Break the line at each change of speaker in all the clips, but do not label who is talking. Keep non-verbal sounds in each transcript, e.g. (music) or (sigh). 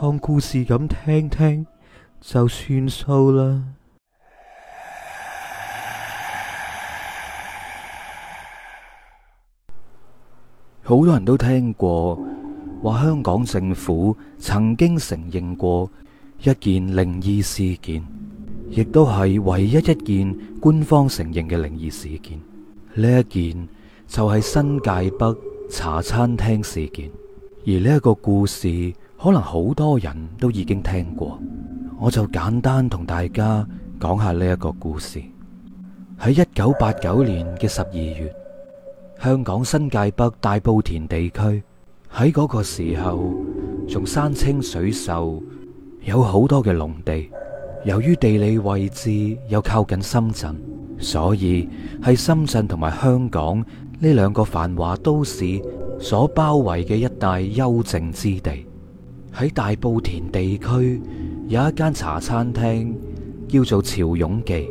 當故事咁聽聽就算數啦。好多人都聽過，話香港政府曾經承認過一件靈異事件，亦都係唯一一件官方承認嘅靈異事件。呢一件就係新界北茶餐廳事件，而呢一個故事。可能好多人都已經聽過，我就簡單同大家講下呢一個故事。喺一九八九年嘅十二月，香港新界北大埔田地區喺嗰個時候仲山清水秀，有好多嘅農地。由於地理位置又靠近深圳，所以係深圳同埋香港呢兩個繁華都市所包圍嘅一帶幽靜之地。喺大埔田地區有一間茶餐廳，叫做潮湧記。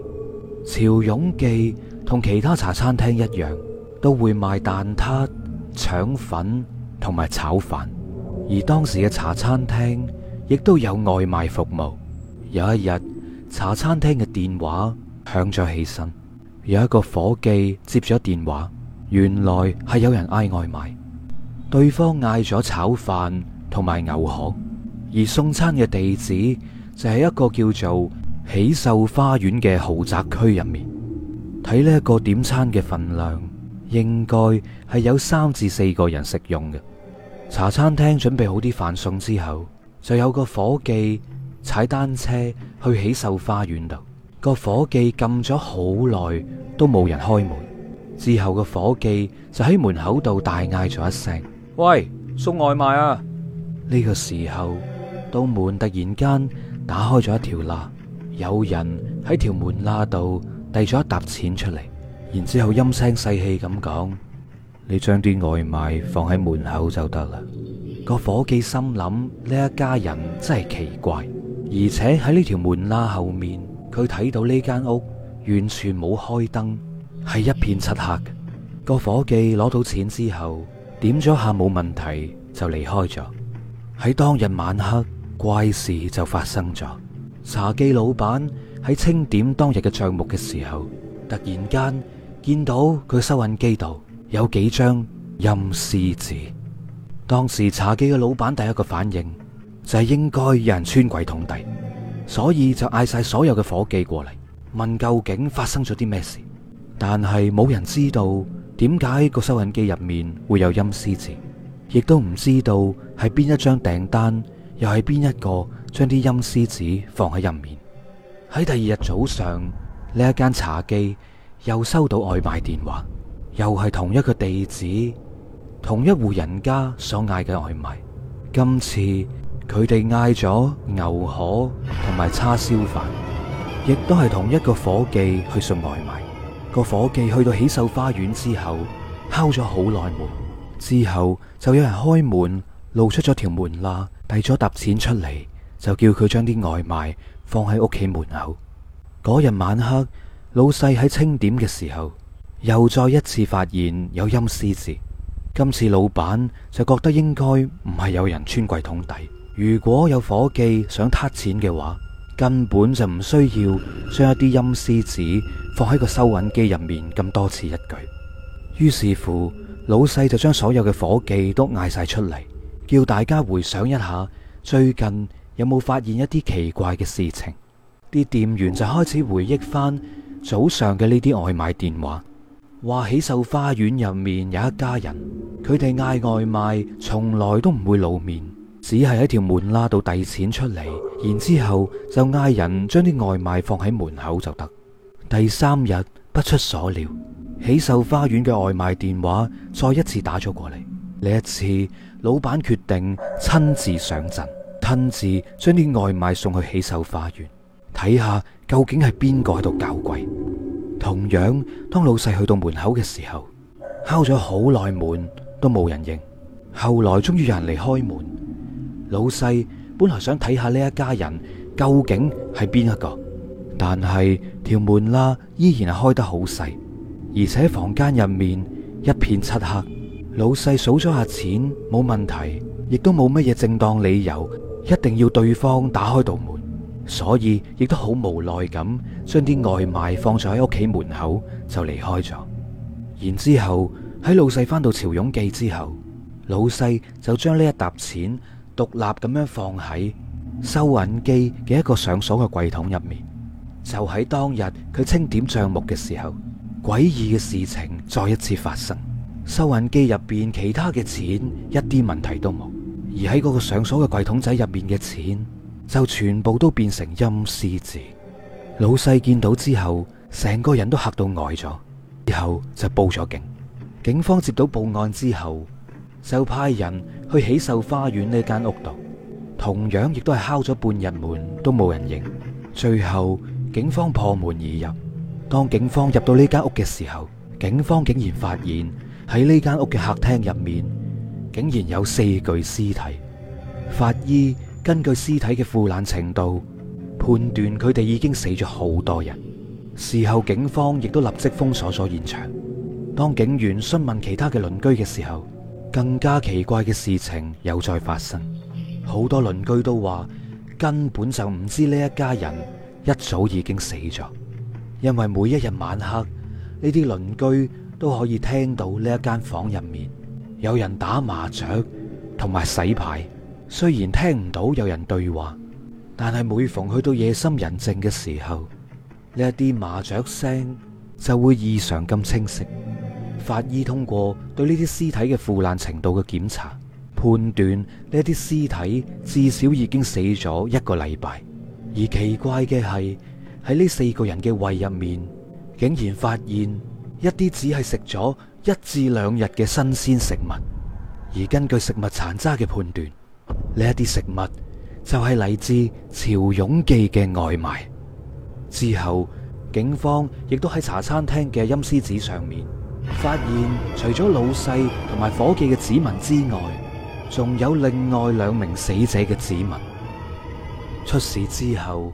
潮湧記同其他茶餐廳一樣，都會賣蛋撻、腸粉同埋炒飯。而當時嘅茶餐廳亦都有外賣服務。有一日，茶餐廳嘅電話響咗起身，有一個伙計接咗電話，原來係有人嗌外賣，對方嗌咗炒飯。同埋牛河，而送餐嘅地址就係一個叫做喜秀花園嘅豪宅區入面。睇呢一個點餐嘅份量，應該係有三至四個人食用嘅。茶餐廳準備好啲飯餸之後，就有個夥計踩單車去喜秀花園度。個夥計撳咗好耐都冇人開門，之後個夥計就喺門口度大嗌咗一聲：喂，送外賣啊！呢個時候，道門突然間打開咗一條罅，有人喺條門罅度遞咗一沓錢出嚟，然之後陰聲細氣咁講：你將啲外賣放喺門口就得啦。個 (noise) 伙計心諗呢一家人真係奇怪，而且喺呢條門罅後面，佢睇到呢間屋完全冇開燈，係一片漆黑。個伙計攞到錢之後，點咗下冇問題，就離開咗。喺當日晚黑，怪事就發生咗。茶記老闆喺清點當日嘅賬目嘅時候，突然間見到佢收銀機度有幾張陰司紙。當時茶記嘅老闆第一個反應就係、是、應該有人穿櫃桶底，所以就嗌晒所有嘅伙計過嚟問究竟發生咗啲咩事。但係冇人知道點解個收銀機入面會有陰司紙。亦都唔知道係邊一張訂單，又係邊一個將啲陰司紙放喺入面。喺第二日早上，呢一間茶記又收到外賣電話，又係同一個地址，同一戶人家所嗌嘅外賣。今次佢哋嗌咗牛河同埋叉燒飯，亦都係同一個伙計去送外賣。個伙計去到喜秀花園之後，敲咗好耐門。之後就有人開門，露出咗條門罅，遞咗沓錢出嚟，就叫佢將啲外賣放喺屋企門口。嗰日晚黑，老細喺清點嘅時候，又再一次發現有陰司紙。今次老闆就覺得應該唔係有人穿櫃桶底。如果有伙計想撻錢嘅話，根本就唔需要將一啲陰司紙放喺個收銀機入面次，咁多此一舉。於是乎。老細就將所有嘅伙計都嗌晒出嚟，叫大家回想一下最近有冇發現一啲奇怪嘅事情。啲店員就開始回憶翻早上嘅呢啲外賣電話，話喜秀花園入面有一家人，佢哋嗌外賣從來都唔會露面，只係一條門拉到遞錢出嚟，然之後就嗌人將啲外賣放喺門口就得。第三日不出所料。喜壽花園嘅外賣電話再一次打咗過嚟。呢一次，老闆決定親自上陣，親自將啲外賣送去喜秀花園，睇下究竟係邊個喺度搞鬼。同樣，當老細去到門口嘅時候，敲咗好耐門都冇人應。後來終於有人嚟開門，老細本來想睇下呢一家人究竟係邊一個，但係條門啦依然係開得好細。而且房間入面一片漆黑，老細數咗下錢冇問題，亦都冇乜嘢正當理由一定要對方打開道門，所以亦都好無奈咁將啲外賣放咗喺屋企門口就離開咗。然之後喺老細返到潮湧記之後，老細就將呢一沓錢獨立咁樣放喺收銀機嘅一個上鎖嘅櫃桶入面。就喺當日佢清點賬目嘅時候，詭異嘅事情再一次發生，收銀機入邊其他嘅錢一啲問題都冇，而喺嗰個上鎖嘅櫃桶仔入面嘅錢就全部都變成陰司字。老細見到之後，成個人都嚇到呆咗，之後就報咗警。警方接到報案之後，就派人去喜秀花園呢間屋度，同樣亦都係敲咗半日門都冇人應，最後警方破門而入。當警方入到呢間屋嘅時候，警方竟然發現喺呢間屋嘅客廳入面，竟然有四具屍體。法醫根據屍體嘅腐爛程度，判斷佢哋已經死咗好多人。事後警方亦都立即封鎖咗現場。當警員詢問其他嘅鄰居嘅時候，更加奇怪嘅事情又再發生。好多鄰居都話根本就唔知呢一家人一早已經死咗。因為每一日晚黑，呢啲鄰居都可以聽到呢一間房入面有人打麻雀同埋洗牌。雖然聽唔到有人對話，但係每逢去到夜深人靜嘅時候，呢一啲麻雀聲就會異常咁清晰。法醫通過對呢啲屍體嘅腐爛程度嘅檢查，判斷呢啲屍體至少已經死咗一個禮拜。而奇怪嘅係：喺呢四個人嘅胃入面，竟然發現一啲只係食咗一至兩日嘅新鮮食物，而根據食物殘渣嘅判斷，呢一啲食物就係嚟自潮勇記嘅外賣。之後，警方亦都喺茶餐廳嘅陰絲紙上面，發現除咗老細同埋夥計嘅指紋之外，仲有另外兩名死者嘅指紋。出事之後，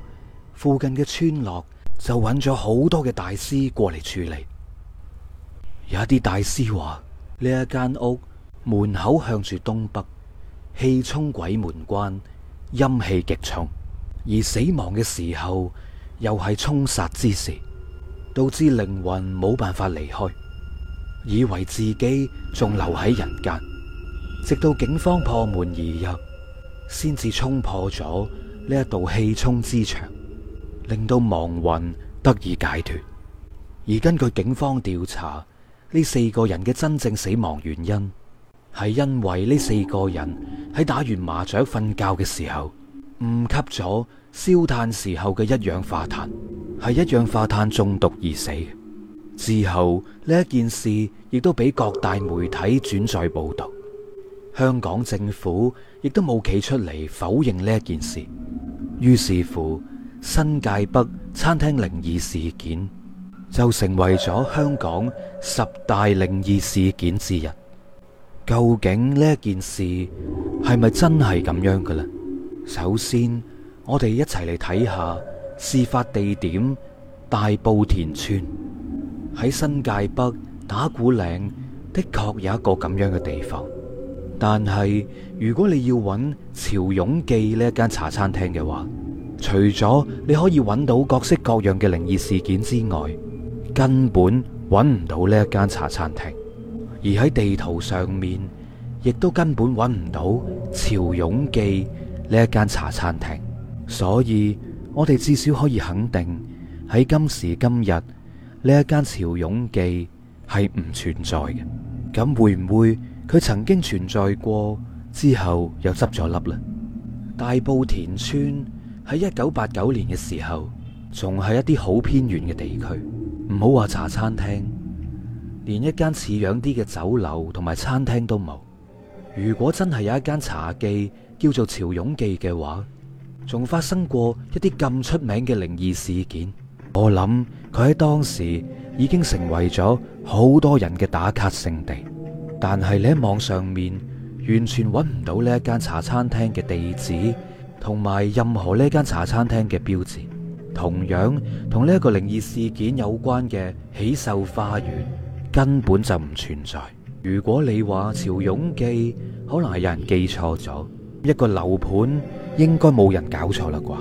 附近嘅村落就揾咗好多嘅大師過嚟處理，有一啲大師話呢一間屋門口向住東北，氣衝鬼門關，陰氣極重，而死亡嘅時候又係衝殺之時，導致靈魂冇辦法離開，以為自己仲留喺人間，直到警方破門而入，先至衝破咗呢一道氣衝之牆。令到亡魂得以解脫。而根據警方調查，呢四個人嘅真正死亡原因係因為呢四個人喺打完麻雀瞓覺嘅時候誤吸咗燒炭時候嘅一氧化碳，係一氧化碳中毒而死。之後呢一件事亦都俾各大媒體轉載報道，香港政府亦都冇企出嚟否認呢一件事。於是乎。新界北餐廳靈異事件就成為咗香港十大靈異事件之一。究竟呢件事係咪真係咁樣嘅呢？首先，我哋一齊嚟睇下事發地點大埔田村喺新界北打鼓嶺的確有一個咁樣嘅地方，但係如果你要揾潮勇記呢一間茶餐廳嘅話，除咗你可以揾到各式各樣嘅靈異事件之外，根本揾唔到呢一間茶餐廳，而喺地圖上面亦都根本揾唔到潮涌記呢一間茶餐廳。所以，我哋至少可以肯定喺今時今日呢一間潮涌記係唔存在嘅。咁會唔會佢曾經存在過之後又執咗粒咧？大埔田村。喺一九八九年嘅時候，仲係一啲好偏遠嘅地區，唔好話茶餐廳，連一間似樣啲嘅酒樓同埋餐廳都冇。如果真係有一間茶記叫做潮湧記嘅話，仲發生過一啲咁出名嘅靈異事件。我諗佢喺當時已經成為咗好多人嘅打卡勝地。但係你喺網上面完全揾唔到呢一間茶餐廳嘅地址。同埋任何呢間茶餐廳嘅標誌，同樣同呢一個靈異事件有關嘅喜壽花園根本就唔存在。如果你話潮勇記，可能係有人記錯咗一個樓盤，應該冇人搞錯啦啩？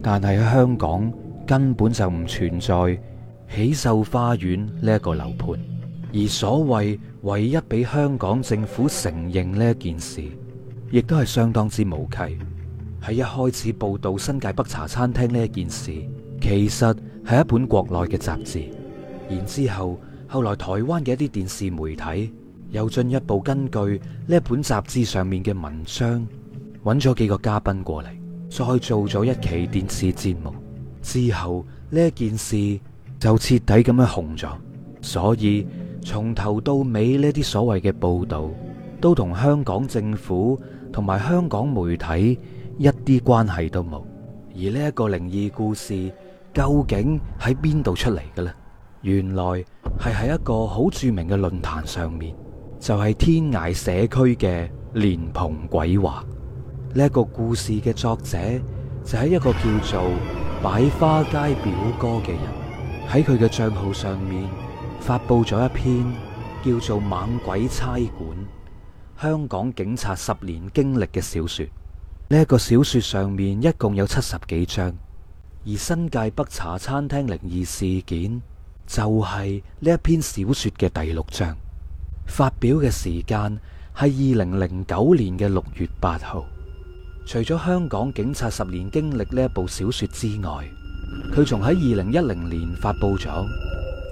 但係喺香港根本就唔存在喜壽花園呢一個樓盤，而所謂唯一俾香港政府承認呢一件事，亦都係相當之無稽。喺一開始報道新界北茶餐廳呢一件事，其實係一本國內嘅雜誌。然之後後來台灣嘅一啲電視媒體又進一步根據呢本雜誌上面嘅文章，揾咗幾個嘉賓過嚟，再做咗一期電視節目。之後呢一件事就徹底咁樣紅咗，所以從頭到尾呢啲所謂嘅報道都同香港政府同埋香港媒體，一啲關係都冇，而呢一個靈異故事究竟喺邊度出嚟嘅呢？原來係喺一個好著名嘅論壇上面，就係、是、天涯社區嘅蓮蓬鬼話。呢、這、一個故事嘅作者就係一個叫做擺花街表哥嘅人，喺佢嘅賬號上面發布咗一篇叫做《猛鬼差館：香港警察十年經歷》嘅小說。呢一個小說上面一共有七十幾章，而新界北茶餐廳靈異事件就係呢一篇小說嘅第六章。發表嘅時間係二零零九年嘅六月八號。除咗香港警察十年經歷呢一部小說之外，佢仲喺二零一零年發布咗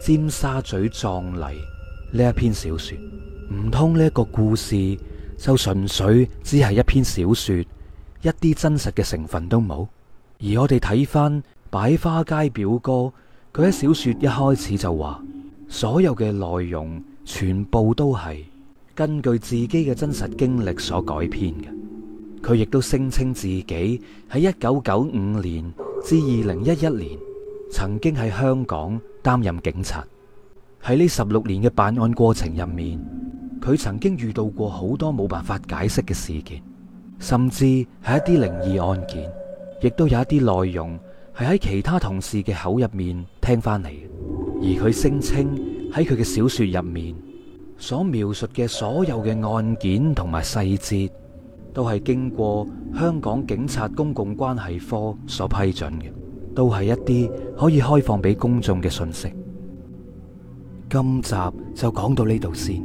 尖沙咀葬禮呢一篇小說。唔通呢個故事就純粹只係一篇小說？一啲真實嘅成分都冇，而我哋睇翻《擺花街表哥》，佢喺小說一開始就話，所有嘅內容全部都係根據自己嘅真實經歷所改編嘅。佢亦都聲稱自己喺一九九五年至二零一一年曾經喺香港擔任警察，喺呢十六年嘅辦案過程入面，佢曾經遇到過好多冇辦法解釋嘅事件。甚至係一啲靈異案件，亦都有一啲內容係喺其他同事嘅口入面聽翻嚟。而佢聲稱喺佢嘅小說入面所描述嘅所有嘅案件同埋細節，都係經過香港警察公共關係科所批准嘅，都係一啲可以開放俾公眾嘅信息。今集就講到呢度先，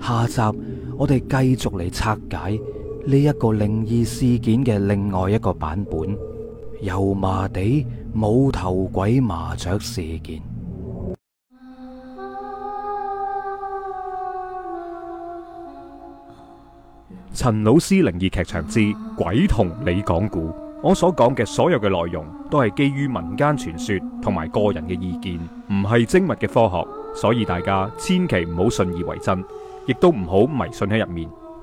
下集我哋繼續嚟拆解。呢一個靈異事件嘅另外一個版本，油麻地冇頭鬼麻雀事件。陳老師靈異劇場之「鬼同你講故」，我所講嘅所有嘅內容都係基於民間傳說同埋個人嘅意見，唔係精密嘅科學，所以大家千祈唔好信以為真，亦都唔好迷信喺入面。